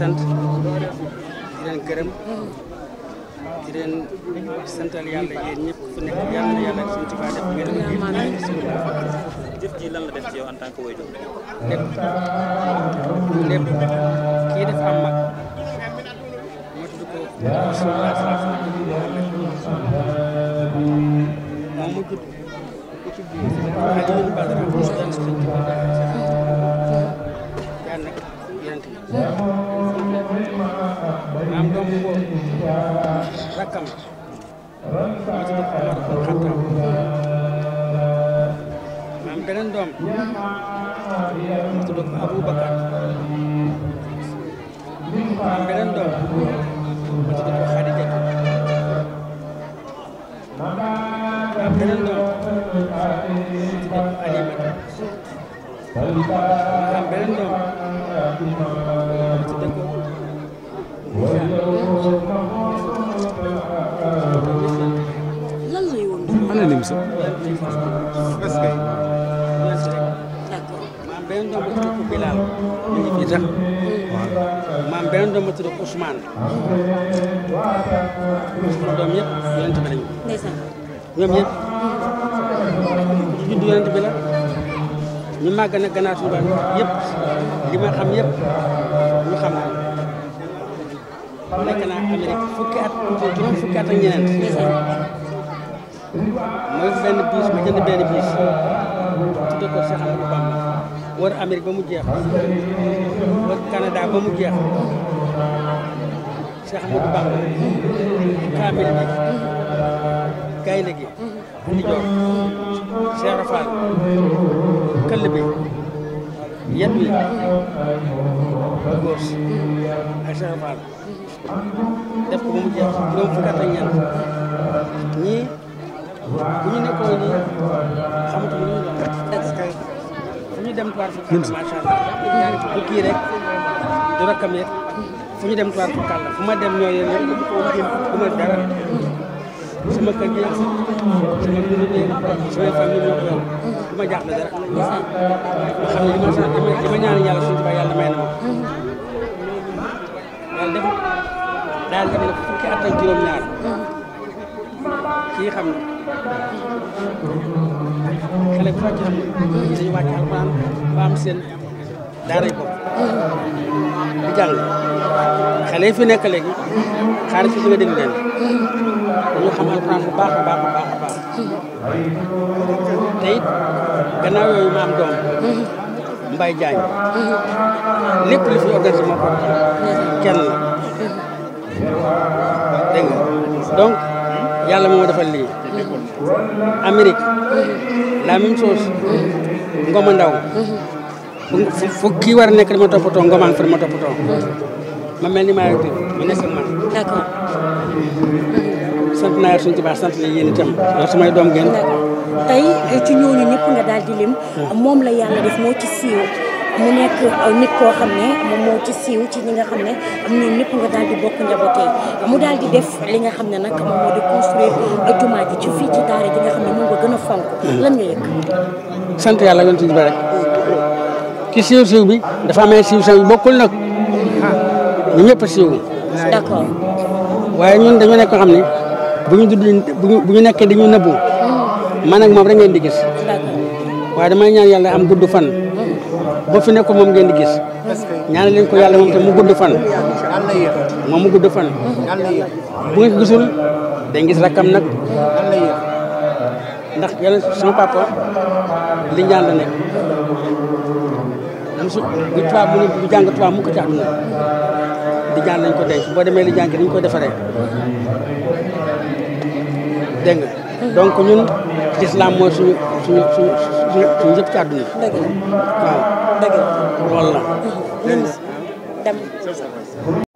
sant di leen gërëm di leen santal yàlla yéen ñëpp fu nekk yàlla na yàlla suñu Tuubaa def ngeen jëf ji lan la def ci yow en tant que waajur kii def am mag moo tudd ko rakkam la moo ci bokk moo doon rakkam ma am beneen doom moo ci bokk Abu Bakar ma am beneen doom moo ci bokk Xadija ma am beneen doom moo ci bokk Alimatu ma am beneen doom moo ci bokk lan la yoon. ana lim maam benn doom bu tudd ko Bilal. ñu ngi fi tax. maam benn doom bu tudd ko Ousmane. doom yëpp yonent bi lañu. ndeysaan. ñoom yëpp. juddu yonent bi la. ñu li ma xam yëpp ñu xam nekk naa Amérique fukki at juróom fukki at ak ñeneen. ma yor benn bus ma jënd benn bus tudde ko Cheikh Amadou Bamba wër Amérique ba mu jeex wër Canada ba mu jeex Cheikh Amadou Bamba kaamil bi gaynde gi di jox Cheikh Rafal këll bi yet bi góor ak Cheikh Fall def ko ba mu jeex juróom fukki at ak ñeent ñii bu ñu nekkoon nii xamatuñu lu ñu fu ñu dem tuwaar fukki at macha allah bu kii rek du rakkam yeeg fu ñu dem tuwaar fukki at fu ma dem ñooy yëngu du ma dara sama kër gi sama kër gi sama famille ñoo ko yor du ma jaaxle dara ma xam ne li ma ñaan yàlla suñu tubaab yàlla may na ma yaayam dem na fukki at ak juróom-ñaar kii xam na xale bu fàcc xam dañu wàcc alxuraan ba am seen daaray bopp di jàng xale yi fi nekk léegi xaar ci fi nga dégg leen dañu xam alxuraan bu baax a baax a baax a baax te it gannaaw yooyu ma am doom Mbaye Diagne lépp li fi organisé moo ko kenn la dégg nga donc yàlla moo defal lii Amérique la même chose Ngoma Ndaw fu kii war a nekk dama toppatoo Ngomaan fa dama ma mel ni maa ngi ma nekk ak man sant naa suñu ci sant la yéen itam ndax samay doom ngeen tey ci ñooñu ñëpp nga daal di lim hmm. moom la yàlla def moo ci siiw mu nekk euh, nit xam ne moom moo ci siiw ci ñi nga xam ne ñoom ñëpp nga daal di bokk njabootee mu daal di def li nga xam ne nag moom moo di construire euh, jumaa ci a fonk lan bi rek ki siiw bokkul nag ñëpp siiw d'accord waaye ñun dañu nekk xam ne bu ñu dudd mm. moom rek di gis damay ñaan yàlla am gudd fan ba fi nekk moom ngeen di gis ñaan leen ko yàlla moom te mu gudd fan moom mu gudd fan bu ngeen gisul dañ gis rakkam nag ndax yàlla sama papa li ñaan la nekk musu bu tubaab mu ne bu jàng ko ci àdduna di jàng ko denc boo demee li jàng dañ ko defaree dégg nga donc ñun l'islam mooy suñu suñu suñu ci njëkk ci àdduna dëgg la waaw dëgg la loolu la dem